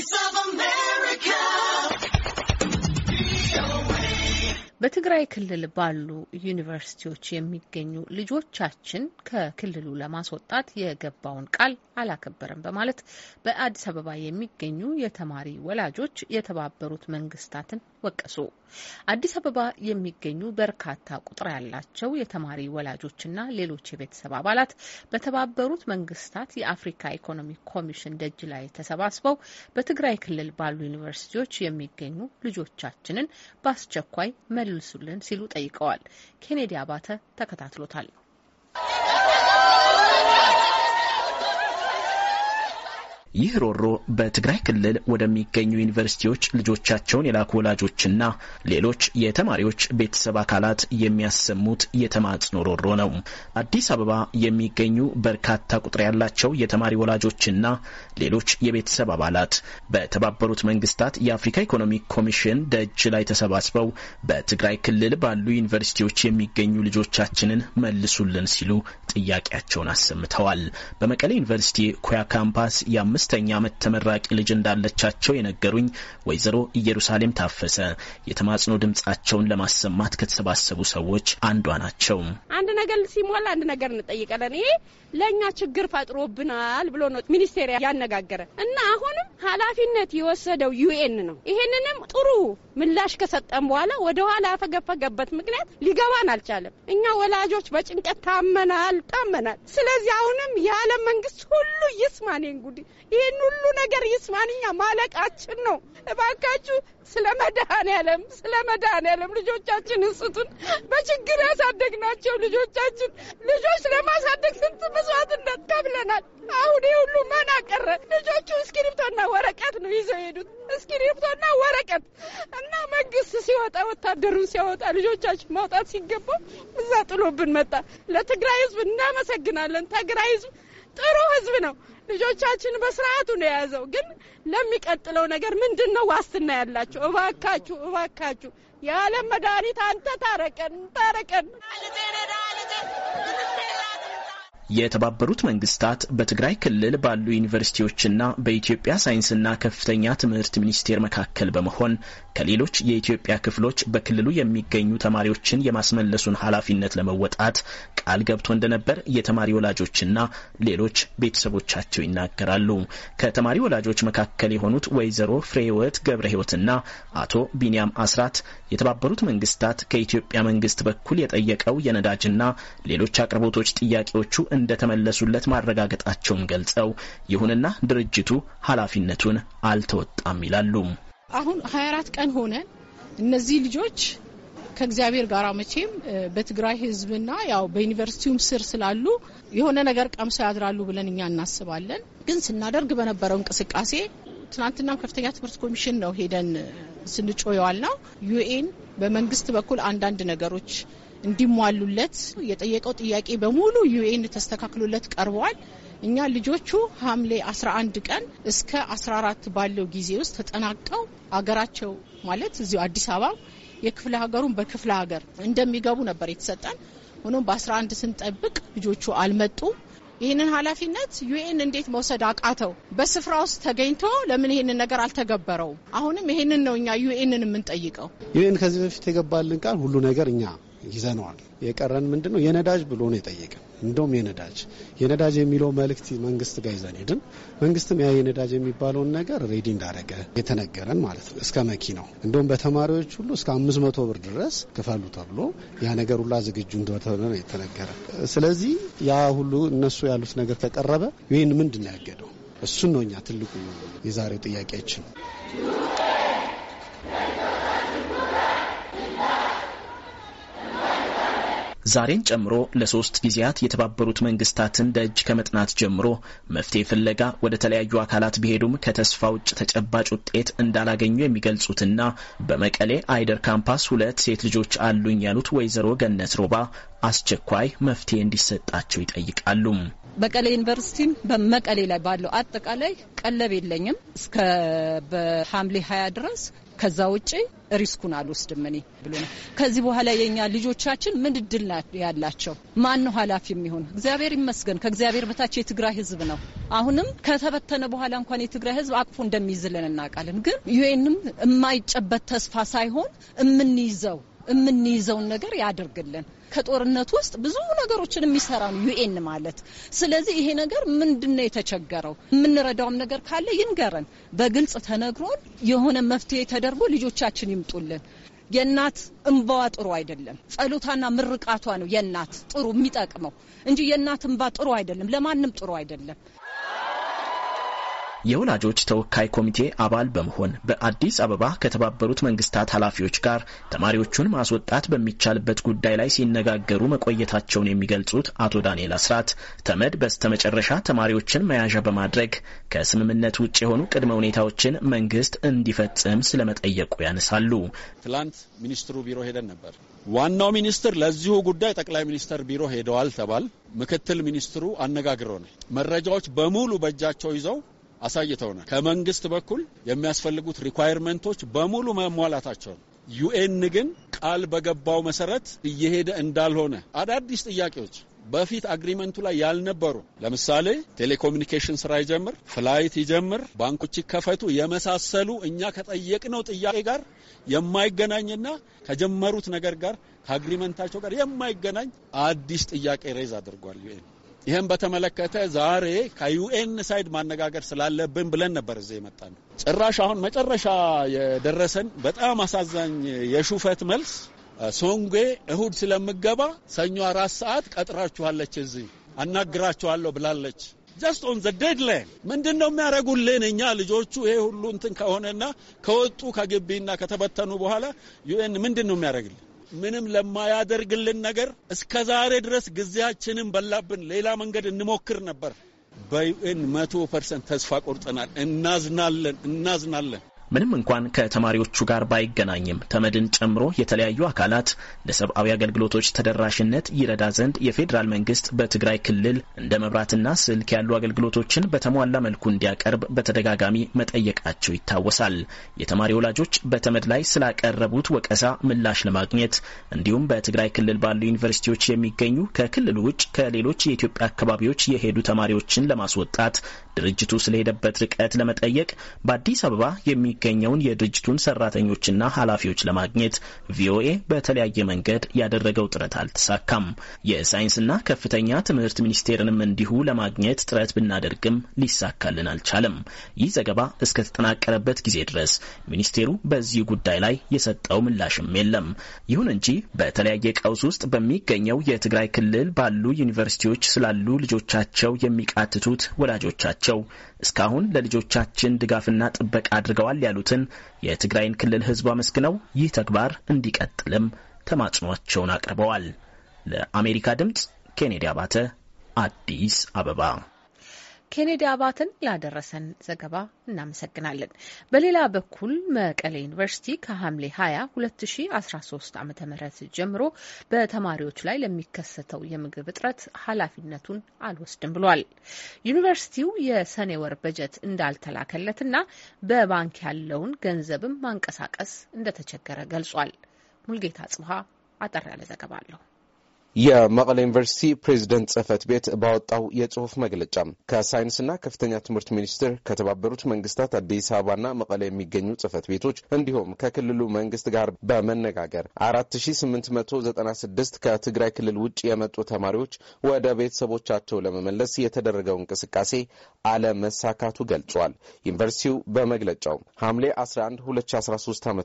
voice of በትግራይ ክልል ባሉ ዩኒቨርሲቲዎች የሚገኙ ልጆቻችን ከክልሉ ለማስወጣት የገባውን ቃል አላከበረም በማለት በአዲስ አበባ የሚገኙ የተማሪ ወላጆች የተባበሩት መንግስታትን ወቀሱ። አዲስ አበባ የሚገኙ በርካታ ቁጥር ያላቸው የተማሪ ወላጆችና ሌሎች የቤተሰብ አባላት በተባበሩት መንግስታት የአፍሪካ ኢኮኖሚ ኮሚሽን ደጅ ላይ ተሰባስበው በትግራይ ክልል ባሉ ዩኒቨርሲቲዎች የሚገኙ ልጆቻችንን በአስቸኳይ መ ይመልሱልን ሲሉ ጠይቀዋል። ኬኔዲ አባተ ተከታትሎታል። ይህ ሮሮ በትግራይ ክልል ወደሚገኙ ዩኒቨርሲቲዎች ልጆቻቸውን የላኩ ወላጆችና ሌሎች የተማሪዎች ቤተሰብ አካላት የሚያሰሙት የተማጽኖ ሮሮ ነው። አዲስ አበባ የሚገኙ በርካታ ቁጥር ያላቸው የተማሪ ወላጆችና ሌሎች የቤተሰብ አባላት በተባበሩት መንግስታት የአፍሪካ ኢኮኖሚክ ኮሚሽን ደጅ ላይ ተሰባስበው በትግራይ ክልል ባሉ ዩኒቨርሲቲዎች የሚገኙ ልጆቻችንን መልሱልን ሲሉ ጥያቄያቸውን አሰምተዋል። በመቀሌ ዩኒቨርሲቲ ኩያ ካምፓስ አምስተኛ ዓመት ተመራቂ ልጅ እንዳለቻቸው የነገሩኝ ወይዘሮ ኢየሩሳሌም ታፈሰ የተማጽኖ ድምጻቸውን ለማሰማት ከተሰባሰቡ ሰዎች አንዷ ናቸው። አንድ ነገር ሲሞላ አንድ ነገር እንጠይቃለን። ይሄ ለእኛ ችግር ፈጥሮብናል ብሎ ነው ሚኒስቴር ያነጋገረ እና አሁንም ኃላፊነት የወሰደው ዩኤን ነው። ይሄንንም ጥሩ ምላሽ ከሰጠን በኋላ ወደ ኋላ ያፈገፈገበት ምክንያት ሊገባን አልቻለም። እኛ ወላጆች በጭንቀት ታመናል ታመናል። ስለዚህ አሁንም የዓለም መንግስት ሁሉ ይስማን፣ ጉዲ ይህን ሁሉ ነገር ይስማን። እኛ ማለቃችን ነው። እባካችሁ ስለ መድኃኔዓለም ስለ መድኃኔዓለም ልጆቻችን እንስቱን። በችግር ያሳደግናቸው ልጆቻችን ልጆች ለማሳደግ ስንት መስዋዕትነት ከፍለናል። አሁን ይህ ሁሉ መና ቀረ። ልጆቹ እስክሪፕቶና ወረቀት ነው ይዘው ሄዱት። እስክሪፕቶና ወረቀት እና መንግስት ሲወጣ ወታደሩን ሲያወጣ ልጆቻችን ማውጣት ሲገባው እዛ ጥሎብን መጣ። ለትግራይ ህዝብ እናመሰግናለን። ትግራይ ህዝብ ጥሩ ህዝብ ነው። ልጆቻችን በስርዓቱ ነው የያዘው። ግን ለሚቀጥለው ነገር ምንድን ነው ዋስትና ያላቸው? እባካችሁ እባካችሁ የዓለም መድኃኒት አንተ ታረቀን ታረቀን የተባበሩት መንግስታት በትግራይ ክልል ባሉ ዩኒቨርሲቲዎችና በኢትዮጵያ ሳይንስና ከፍተኛ ትምህርት ሚኒስቴር መካከል በመሆን ከሌሎች የኢትዮጵያ ክፍሎች በክልሉ የሚገኙ ተማሪዎችን የማስመለሱን ኃላፊነት ለመወጣት ቃል ገብቶ እንደነበር የተማሪ ወላጆችና ሌሎች ቤተሰቦቻቸው ይናገራሉ። ከተማሪ ወላጆች መካከል የሆኑት ወይዘሮ ፍሬህይወት ገብረ ህይወትና አቶ ቢንያም አስራት የተባበሩት መንግስታት ከኢትዮጵያ መንግስት በኩል የጠየቀው የነዳጅና ሌሎች አቅርቦቶች ጥያቄዎቹ እንደተመለሱለት ማረጋገጣቸውን ገልጸው ይሁንና ድርጅቱ ኃላፊነቱን አልተወጣም ይላሉ። አሁን 24 ቀን ሆነ። እነዚህ ልጆች ከእግዚአብሔር ጋር መቼም በትግራይ ህዝብና ያው በዩኒቨርሲቲውም ስር ስላሉ የሆነ ነገር ቀምሰው ያድራሉ ብለን እኛ እናስባለን። ግን ስናደርግ በነበረው እንቅስቃሴ ትናንትናም ከፍተኛ ትምህርት ኮሚሽን ነው ሄደን ስንጮ የዋል ነው ዩኤን በመንግስት በኩል አንዳንድ ነገሮች እንዲሟሉለት የጠየቀው ጥያቄ በሙሉ ዩኤን ተስተካክሎለት ቀርበዋል። እኛ ልጆቹ ሐምሌ 11 ቀን እስከ 14 ባለው ጊዜ ውስጥ ተጠናቀው አገራቸው ማለት እዚሁ አዲስ አበባ የክፍለ ሀገሩን በክፍለ ሀገር እንደሚገቡ ነበር የተሰጠን። ሆኖም በ11 ስንጠብቅ ልጆቹ አልመጡም። ይህንን ኃላፊነት ዩኤን እንዴት መውሰድ አቃተው? በስፍራ ውስጥ ተገኝቶ ለምን ይህንን ነገር አልተገበረውም? አሁንም ይህንን ነው እኛ ዩኤንን የምንጠይቀው። ዩኤን ከዚህ በፊት የገባልን ቃል ሁሉ ነገር እኛ ይዘነዋል። የቀረን ምንድን ነው? የነዳጅ ብሎ ነው የጠየቀን። እንደውም የነዳጅ የነዳጅ የሚለው መልእክት መንግስት ጋር ይዘን ሄድን። መንግስትም ያ የነዳጅ የሚባለውን ነገር ሬዲ እንዳደረገ የተነገረን ማለት ነው። እስከ መኪናው እንደውም በተማሪዎች ሁሉ እስከ አምስት መቶ ብር ድረስ ክፈሉ ተብሎ ያ ነገር ሁላ ዝግጁ እንደተሆነ ነው የተነገረ። ስለዚህ ያ ሁሉ እነሱ ያሉት ነገር ከቀረበ ይህን ምንድን ነው ያገደው? እሱን ነው እኛ ትልቁ የዛሬው ጥያቄያችን። ዛሬን ጨምሮ ለሶስት ጊዜያት የተባበሩት መንግስታትን ደጅ ከመጥናት ጀምሮ መፍትሄ ፍለጋ ወደ ተለያዩ አካላት ቢሄዱም ከተስፋ ውጭ ተጨባጭ ውጤት እንዳላገኙ የሚገልጹትና በመቀሌ አይደር ካምፓስ ሁለት ሴት ልጆች አሉኝ ያሉት ወይዘሮ ገነት ሮባ አስቸኳይ መፍትሄ እንዲሰጣቸው ይጠይቃሉ። በቀሌ ዩኒቨርሲቲም በመቀሌ ላይ ባለው አጠቃላይ ቀለብ የለኝም እስከ በሐምሌ ሀያ ድረስ ከዛ ውጭ ሪስኩን አልወስድም እኔ ብሎ ነው። ከዚህ በኋላ የኛ ልጆቻችን ምን እድል ያላቸው ማን ነው ኃላፊ የሚሆን? እግዚአብሔር ይመስገን ከእግዚአብሔር በታች የትግራይ ሕዝብ ነው። አሁንም ከተበተነ በኋላ እንኳን የትግራይ ሕዝብ አቅፎ እንደሚይዝልን እናውቃለን። ግን ዩኤንም የማይጨበት ተስፋ ሳይሆን የምንይዘው የምንይዘውን ነገር ያድርግልን። ከጦርነት ውስጥ ብዙ ነገሮችን የሚሰራ ነው ዩኤን ማለት። ስለዚህ ይሄ ነገር ምንድን ነው የተቸገረው? የምንረዳውም ነገር ካለ ይንገረን፣ በግልጽ ተነግሮን የሆነ መፍትሄ ተደርጎ ልጆቻችን ይምጡልን። የእናት እንባዋ ጥሩ አይደለም። ጸሎታና ምርቃቷ ነው የእናት ጥሩ የሚጠቅመው እንጂ የእናት እንባ ጥሩ አይደለም፣ ለማንም ጥሩ አይደለም። የወላጆች ተወካይ ኮሚቴ አባል በመሆን በአዲስ አበባ ከተባበሩት መንግስታት ኃላፊዎች ጋር ተማሪዎቹን ማስወጣት በሚቻልበት ጉዳይ ላይ ሲነጋገሩ መቆየታቸውን የሚገልጹት አቶ ዳንኤል አስራት ተመድ በስተመጨረሻ ተማሪዎችን መያዣ በማድረግ ከስምምነት ውጭ የሆኑ ቅድመ ሁኔታዎችን መንግስት እንዲፈጽም ስለመጠየቁ ያነሳሉ። ትላንት ሚኒስትሩ ቢሮ ሄደን ነበር። ዋናው ሚኒስትር ለዚሁ ጉዳይ ጠቅላይ ሚኒስተር ቢሮ ሄደዋል ተባል። ምክትል ሚኒስትሩ አነጋግሮ ነው መረጃዎች በሙሉ በእጃቸው ይዘው አሳይተውናል። ከመንግስት በኩል የሚያስፈልጉት ሪኳየርመንቶች በሙሉ ነው። ዩኤን ግን ቃል በገባው መሰረት እየሄደ እንዳልሆነ አዳዲስ ጥያቄዎች በፊት አግሪመንቱ ላይ ያልነበሩ ለምሳሌ ቴሌኮሙኒኬሽን ስራ ይጀምር፣ ፍላይት ይጀምር፣ ባንኮች ይከፈቱ የመሳሰሉ እኛ ከጠየቅነው ጥያቄ ጋር የማይገናኝና ከጀመሩት ነገር ጋር ከአግሪመንታቸው ጋር የማይገናኝ አዲስ ጥያቄ ሬዝ አድርጓል ዩኤን። ይህም በተመለከተ ዛሬ ከዩኤን ሳይድ ማነጋገር ስላለብን ብለን ነበር እዚህ የመጣ ነው። ጭራሽ አሁን መጨረሻ የደረሰን በጣም አሳዛኝ የሹፈት መልስ ሶንጌ እሁድ ስለምገባ ሰኞ አራት ሰዓት ቀጥራችኋለች፣ እዚህ አናግራችኋለሁ ብላለች። ጀስት ኦን ዘ ዴድላይን ምንድን ነው የሚያደርጉልን? እኛ ልጆቹ ይሄ ሁሉ እንትን ከሆነና ከወጡ ከግቢና ከተበተኑ በኋላ ዩኤን ምንድን ነው የሚያደርግልን? ምንም ለማያደርግልን ነገር እስከ ዛሬ ድረስ ጊዜያችንን በላብን። ሌላ መንገድ እንሞክር ነበር። በዩኤን መቶ ፐርሰንት ተስፋ ቆርጠናል። እናዝናለን እናዝናለን። ምንም እንኳን ከተማሪዎቹ ጋር ባይገናኝም ተመድን ጨምሮ የተለያዩ አካላት ለሰብአዊ አገልግሎቶች ተደራሽነት ይረዳ ዘንድ የፌዴራል መንግስት በትግራይ ክልል እንደ መብራትና ስልክ ያሉ አገልግሎቶችን በተሟላ መልኩ እንዲያቀርብ በተደጋጋሚ መጠየቃቸው ይታወሳል። የተማሪ ወላጆች በተመድ ላይ ስላቀረቡት ወቀሳ ምላሽ ለማግኘት እንዲሁም በትግራይ ክልል ባሉ ዩኒቨርሲቲዎች የሚገኙ ከክልሉ ውጭ ከሌሎች የኢትዮጵያ አካባቢዎች የሄዱ ተማሪዎችን ለማስወጣት ድርጅቱ ስለሄደበት ርቀት ለመጠየቅ በአዲስ አበባ የሚገኘውን የድርጅቱን ሰራተኞችና ኃላፊዎች ለማግኘት ቪኦኤ በተለያየ መንገድ ያደረገው ጥረት አልተሳካም። የሳይንስና ከፍተኛ ትምህርት ሚኒስቴርንም እንዲሁ ለማግኘት ጥረት ብናደርግም ሊሳካልን አልቻለም። ይህ ዘገባ እስከተጠናቀረበት ጊዜ ድረስ ሚኒስቴሩ በዚህ ጉዳይ ላይ የሰጠው ምላሽም የለም። ይሁን እንጂ በተለያየ ቀውስ ውስጥ በሚገኘው የትግራይ ክልል ባሉ ዩኒቨርሲቲዎች ስላሉ ልጆቻቸው የሚቃትቱት ወላጆቻቸው ናቸው። እስካሁን ለልጆቻችን ድጋፍና ጥበቃ አድርገዋል ያሉትን የትግራይን ክልል ሕዝብ አመስግነው ይህ ተግባር እንዲቀጥልም ተማጽኗቸውን አቅርበዋል። ለአሜሪካ ድምፅ ኬኔዲ አባተ አዲስ አበባ ኬኔዲ አባትን ላደረሰን ዘገባ እናመሰግናለን። በሌላ በኩል መቀሌ ዩኒቨርሲቲ ከሐምሌ 20 2013 ዓ ም ጀምሮ በተማሪዎች ላይ ለሚከሰተው የምግብ እጥረት ኃላፊነቱን አልወስድም ብሏል። ዩኒቨርሲቲው የሰኔ ወር በጀት እንዳልተላከለትና በባንክ ያለውን ገንዘብም ማንቀሳቀስ እንደተቸገረ ገልጿል። ሙልጌታ ጽብሃ አጠር ያለ ዘገባ አለሁ። የመቀለ ዩኒቨርሲቲ ፕሬዚደንት ጽህፈት ቤት ባወጣው የጽሁፍ መግለጫ ከሳይንስና ከፍተኛ ትምህርት ሚኒስቴር ከተባበሩት መንግስታት አዲስ አበባና መቀለ የሚገኙ ጽህፈት ቤቶች እንዲሁም ከክልሉ መንግስት ጋር በመነጋገር 4896 ከትግራይ ክልል ውጭ የመጡ ተማሪዎች ወደ ቤተሰቦቻቸው ለመመለስ የተደረገው እንቅስቃሴ አለመሳካቱ ገልጿል። ዩኒቨርሲቲው በመግለጫው ሐምሌ 11 2013 ዓ ም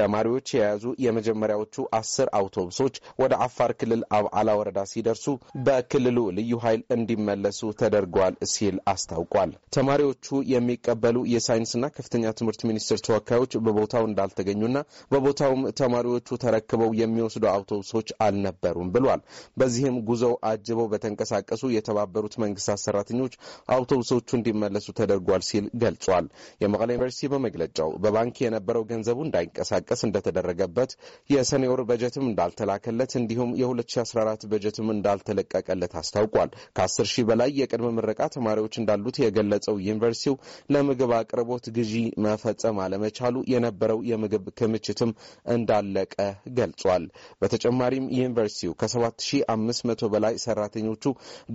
ተማሪዎች የያዙ የመጀመሪያዎቹ አስር አውቶቡሶች ወደ አፋር ክልል አብዓላ ወረዳ ሲደርሱ በክልሉ ልዩ ኃይል እንዲመለሱ ተደርጓል ሲል አስታውቋል። ተማሪዎቹ የሚቀበሉ የሳይንስና ከፍተኛ ትምህርት ሚኒስቴር ተወካዮች በቦታው እንዳልተገኙና በቦታውም ተማሪዎቹ ተረክበው የሚወስዱ አውቶቡሶች አልነበሩም ብሏል። በዚህም ጉዞው አጅበው በተንቀሳቀሱ የተባበሩት መንግስታት ሰራተኞች አውቶቡሶቹ እንዲመለሱ ተደርጓል ሲል ገልጿል። የመቀለ ዩኒቨርሲቲ በመግለጫው በባንክ የነበረው ገንዘቡ እንዳይንቀሳቀስ እንደተደረገበት የሰኔ ወር በጀትም እንዳልተላከለት እንዲሁም የ2015 2014 በጀትም እንዳልተለቀቀለት አስታውቋል። ከ10 ሺህ በላይ የቅድመ ምረቃ ተማሪዎች እንዳሉት የገለጸው ዩኒቨርሲቲው ለምግብ አቅርቦት ግዢ መፈጸም አለመቻሉ የነበረው የምግብ ክምችትም እንዳለቀ ገልጿል። በተጨማሪም ዩኒቨርሲቲው ከ7500 በላይ ሰራተኞቹ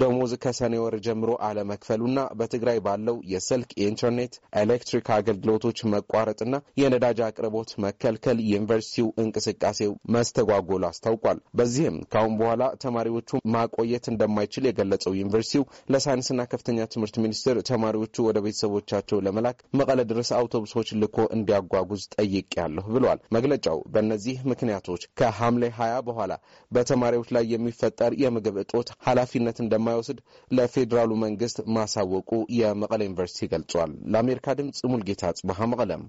ደሞዝ ከሰኔ ወር ጀምሮ አለመክፈሉና በትግራይ ባለው የስልክ የኢንተርኔት፣ ኤሌክትሪክ አገልግሎቶች መቋረጥና የነዳጅ አቅርቦት መከልከል ዩኒቨርሲቲው እንቅስቃሴው መስተጓጎሉ አስታውቋል። በዚህም ከአሁን በኋላ ተማሪዎቹ ማቆየት እንደማይችል የገለጸው ዩኒቨርሲቲው ለሳይንስና ከፍተኛ ትምህርት ሚኒስቴር ተማሪዎቹ ወደ ቤተሰቦቻቸው ለመላክ መቀለ ድረስ አውቶቡሶች ልኮ እንዲያጓጉዝ ያለሁ ብለዋል። መግለጫው በእነዚህ ምክንያቶች ከሐምሌ ሀያ በኋላ በተማሪዎች ላይ የሚፈጠር የምግብ እጦት ኃላፊነት እንደማይወስድ ለፌዴራሉ መንግስት ማሳወቁ የመቀለ ዩኒቨርሲቲ ገልጿል። ለአሜሪካ ድምፅ ሙልጌታ ጽበሀ መቀለም